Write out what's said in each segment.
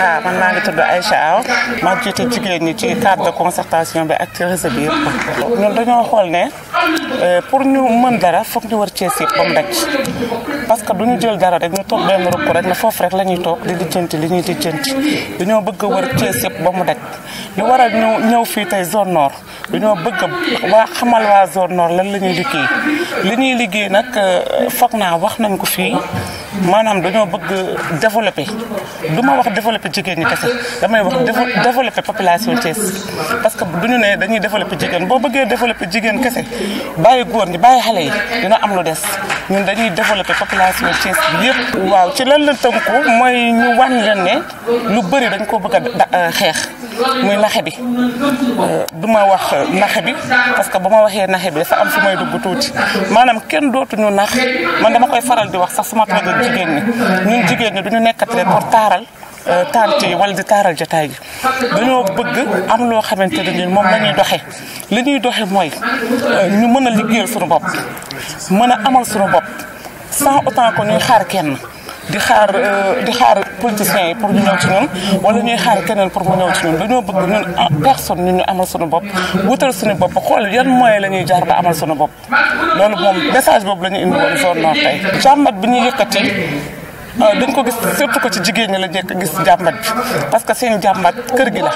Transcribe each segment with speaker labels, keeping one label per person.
Speaker 1: waaw man maa ngi tudd Aïcha Aw maa jiite jigéen ñi ci cadre de concertation bi ak ci réseau bi dañoo xool ne euh, pour ñu mën dara foog ñu war cee siib ba mu daj parce que du ñu jël dara rek ñu toog benn rukk rek ne foofu rek la ñuy toog di lijjanti li ñuy lijjanti dañoo bëgg a war ba mu daj li waral ñu ñëw fii tey zone nord dañoo bëgg waa xamal waa zone nord lan la ñuy liggéey li ñuy liggéey nag euh, foog naa wax nañ ko fii. maanaam dañoo bëgg développé du ma wax développé jigéen ñi kese damay wax développé population Thiès parce que du ñu ne dañuy développé jigéen boo bëggee développé jigéen kese bàyyi góor ñi bàyyi xale yi dina am lu des ñun dañuy développé population Thiès bi yëpp. waaw ci lan la tënku mooy ñu wan leen ne lu bëri dañ ko bëgg a xeex. muy naxe bi duma wax naxe bi parce que buma waxe naxe bi dafa am fu may dugg tuuti maanaam kenn ñu nax man dama koy faral di wax sax suma ma toog ak jigéen ñi ñun jigen ñi duñu nekkati rek pour taral tante yi wala di taral jotaay yi dañoo bëgg am loo xamanteni ne ni moom la ñuy doxee li ñuy doxe mooy ñu mën a liggéeyal suñu bopp mën a amal suñu bopp sans autant que ñuy xaar kenn di xaar euh, di xaar politiciens yi pour ñu ñëw ci ñun wala ñuy xaar keneen pour mu ñëw ci ñun dañoo bëgg ñun ah, personne ñun ñu amal suñu bopp wutal suñu bopp xool yan moyen la ñuy jaar ba amal suñu bopp loolu moom message boobu la ñu indi woon zone nord tey jàmbat bi ñuy yëkkati Euh, dañ ko gis surtout ko ci jigéen ñi la jekk gis jàmbat bi parce que seen jàmbat kër gi la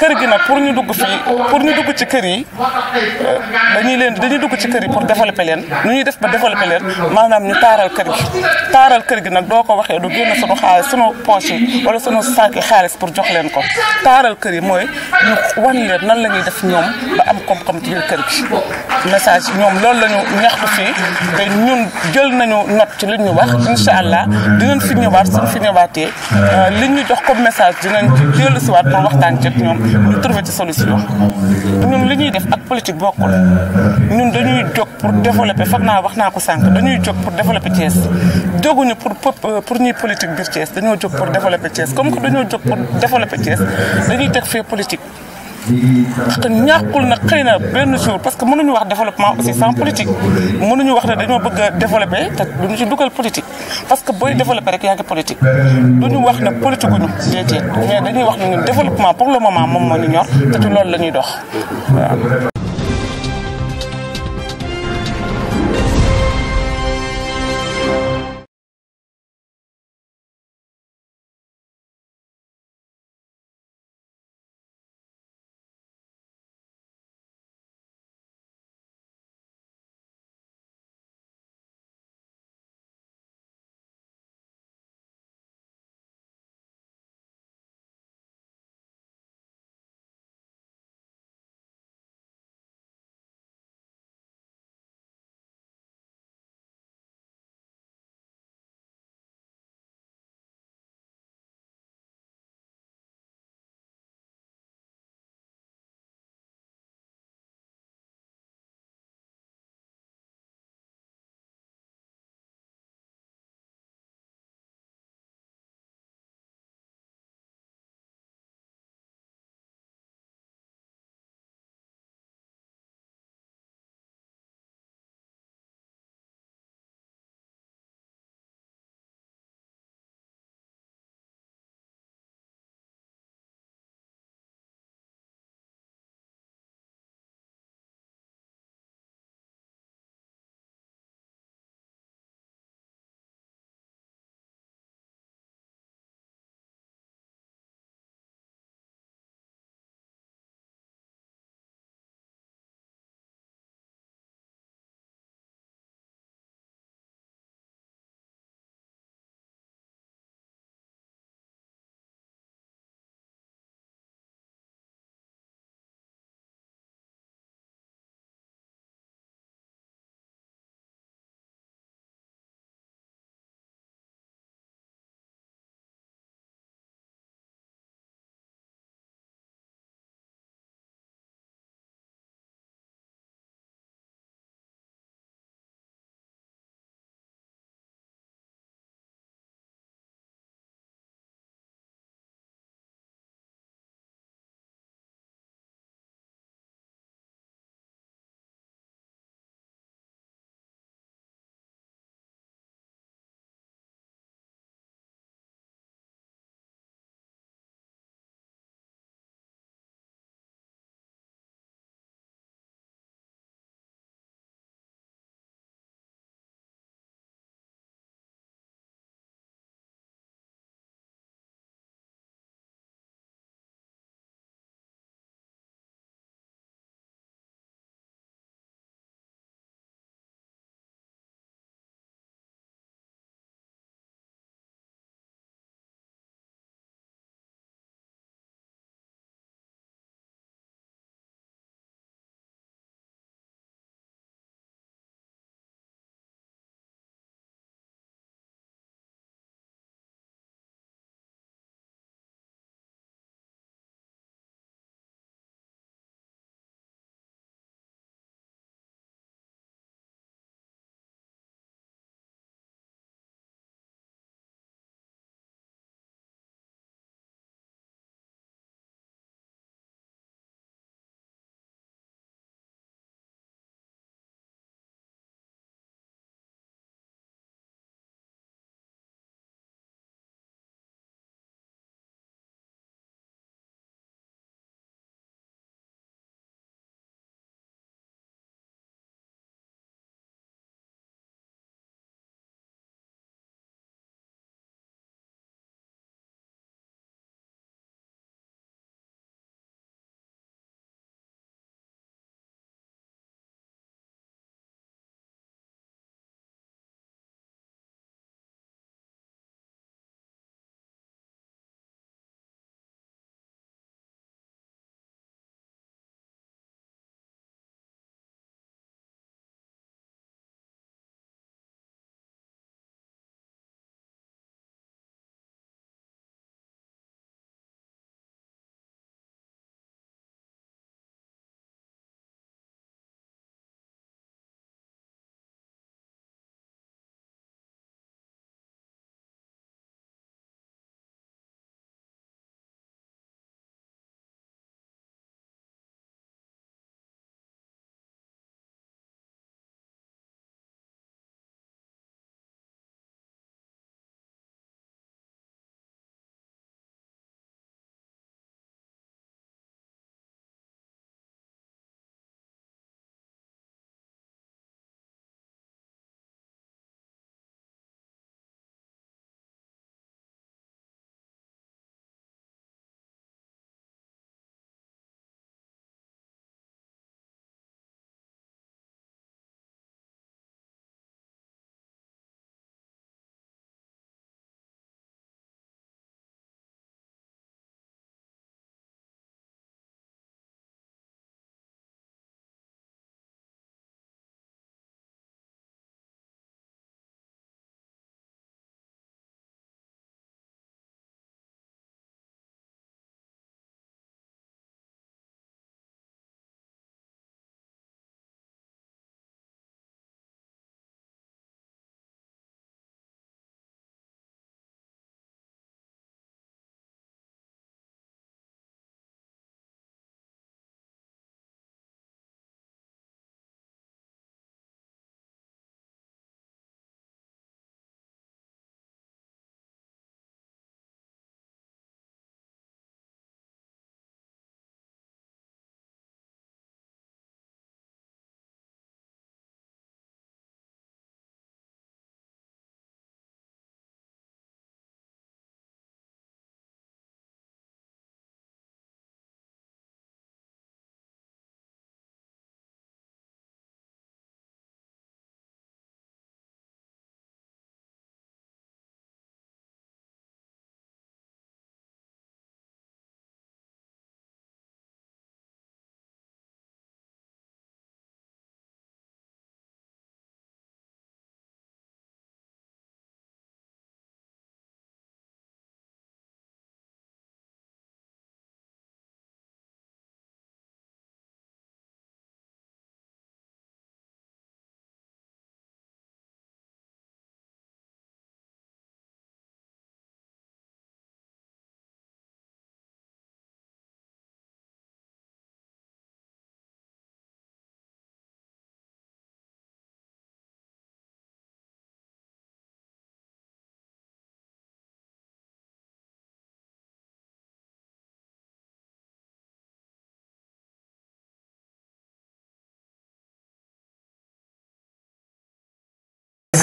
Speaker 1: kër gi nag pour ñu dugg fii pour ñu dugg ci kër yi euh, dañuy leen dañuy dugg ci kër yi pour développer leen nu ñuy def ba développer leen maanaam ñu taaral kër gi taaral kër gi nag doo ko waxee du génn sunu xaalis sunu poche yi wala sunu saaki xaalis pour jox leen ko taaral kër yi mooy ñu wan leen nan la ñuy def ñoom ba am koom-koom ci biir kër gi message ñoom loolu la ñu ñaxtu fii te ñun jël nañu not ci li ñu wax incha allah dinañ fi ñëwaat suñ fi ñëwaatee euh, li ñu jox comme message dinañ ci dellusiwaat pour waxtaan ci ak ñoom ñu trouver ci solution ñun li ñuy def ak politique bokkul ñun dañuy jóg pour développer foog naa wax naa ko sànq dañuy jóg pour développer Thiès jóguñu pour euh, pour ñuy politique biir Thiès dañoo jóg pour développer Thiès comme que dañoo jóg pour développer Thiès dañuy teg fee politique te ñàkkul na xëy na benn jour parce que mënuñu wax développement aussi sans politique mënuñu wax ne dañoo bëgg a développé te duñu ci dugal politique parce que booy développé rek yaa ngi politique duñu wax ne politique guñu déedéet mais dañuy wax ne développement pour le moment moom moo ñu ñor te ci loolu la ñuy dox waaw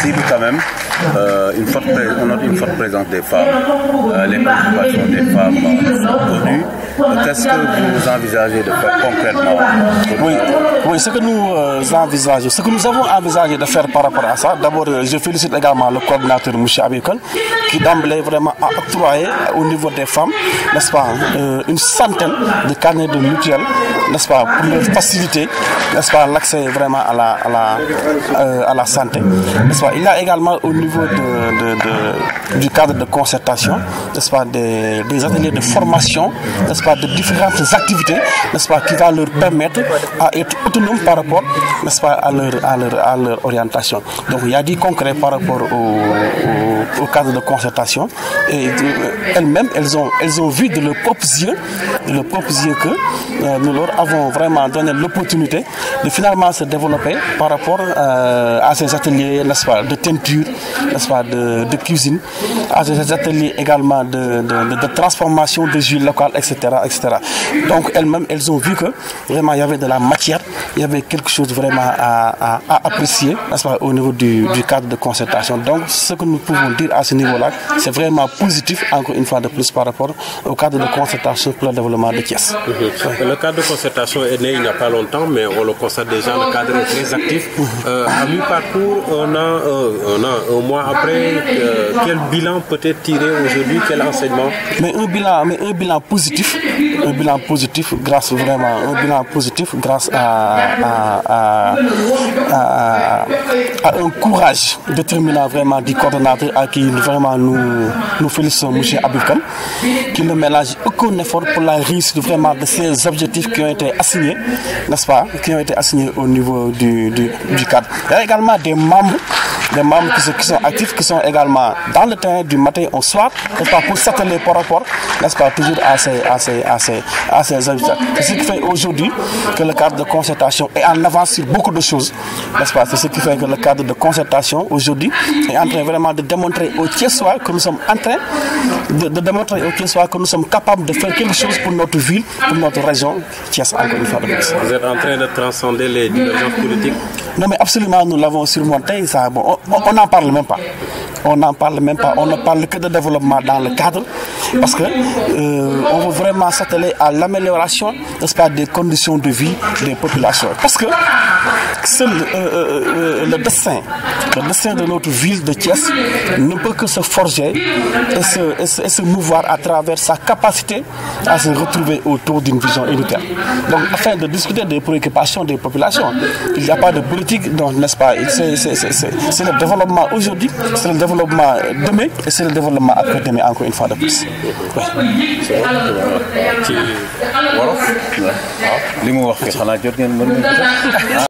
Speaker 2: Filipikowem. Euh, une forte, présence des femmes, euh, les participations des femmes sont connues. Qu'est-ce que vous envisagez de faire concrètement oui, oui, ce que nous euh, envisageons, ce que nous avons envisagé de faire par rapport à ça, d'abord, je félicite également le coordinateur M. Abikon, qui d'emblée vraiment a octroyé au niveau des femmes, n'est-ce pas, une centaine de carnets de mutuelles, n'est-ce pas, pour faciliter, n'est-ce pas, l'accès vraiment à la, à la, à la santé, n'est-ce pas. Il a également niveau du cadre de concertation, n'est-ce pas, des, ateliers de formation, n'est-ce pas, de différentes activités, nest pas, qui va leur permettre à être autonomes par rapport, nest à leur, orientation. Donc il y a des concrets par rapport au, cadre de concertation et euh, elles-mêmes, elles ont, elles ont vu de leurs propres yeux, que euh, nous leur avons vraiment donné l'opportunité de finalement se développer par rapport euh, à ces ateliers, n'est-ce pas, de teinture, de, cuisine, à des ateliers également de, de, transformation des huiles locales, etc. etc. Donc elles-mêmes, elles ont vu que vraiment il y avait de la matière, il y avait quelque chose vraiment à, à, apprécier, au niveau du, cadre de concertation. Donc ce que nous pouvons dire à ce niveau-là, c'est vraiment positif, encore une fois de plus, par rapport au cadre de concertation pour le développement de Thiès. Mhm. Le cadre de concertation est né il n'y a pas longtemps, mais on le constate déjà, le cadre est très actif. Euh, à mi-parcours, on a, euh, on a moi après, euh, quel bilan peut-être tirer aujourd'hui, quel enseignement mais un, bilan, mais un bilan positif, un bilan positif grâce vraiment, un bilan positif grâce à, à, un courage déterminant vraiment du coordonnateur à qui vraiment nous, nous félicitons M. Aboukan, qui ne mélange aucun effort pour la réussite vraiment de ces objectifs qui ont été assignés, n'est-ce pas, qui ont été assignés au niveau du, cadre. Il y a également des membres des membres qui, sont actifs, qui sont également dans le terrain du matin au soir, pour s'atteler par rapport, n'est-ce pas, toujours à ces, à C'est ce qui fait aujourd'hui que le cadre de concertation est en avance sur beaucoup de choses, n'est-ce pas C'est ce qui fait que le cadre de concertation aujourd'hui est en train vraiment de démontrer au soir que nous sommes en train de, démontrer au soir que nous sommes capables de faire quelque chose pour notre ville, pour notre région, Thiès, Vous êtes en train de transcender les divergences politiques non, mais absolument, nous l'avons surmonté. Ça, bon, on n'en parle même pas. On n'en parle même pas. On ne parle que de développement dans le cadre parce qu'on euh, veut vraiment s'atteler à l'amélioration des conditions de vie des populations. Parce que euh, euh, le dessin le de notre ville de Thiès ne peut que se forger et se, mouvoir à travers sa capacité à se retrouver autour d'une vision unitaire. Donc, afin de discuter des préoccupations des populations, il n'y a pas de politique, n'est-ce pas C'est le développement aujourd'hui, c'est le développement demain et c'est le développement après demain, encore une fois de plus. ci wolof. waaw ah. li mu wax fii
Speaker 1: xanaa jot ngeen mën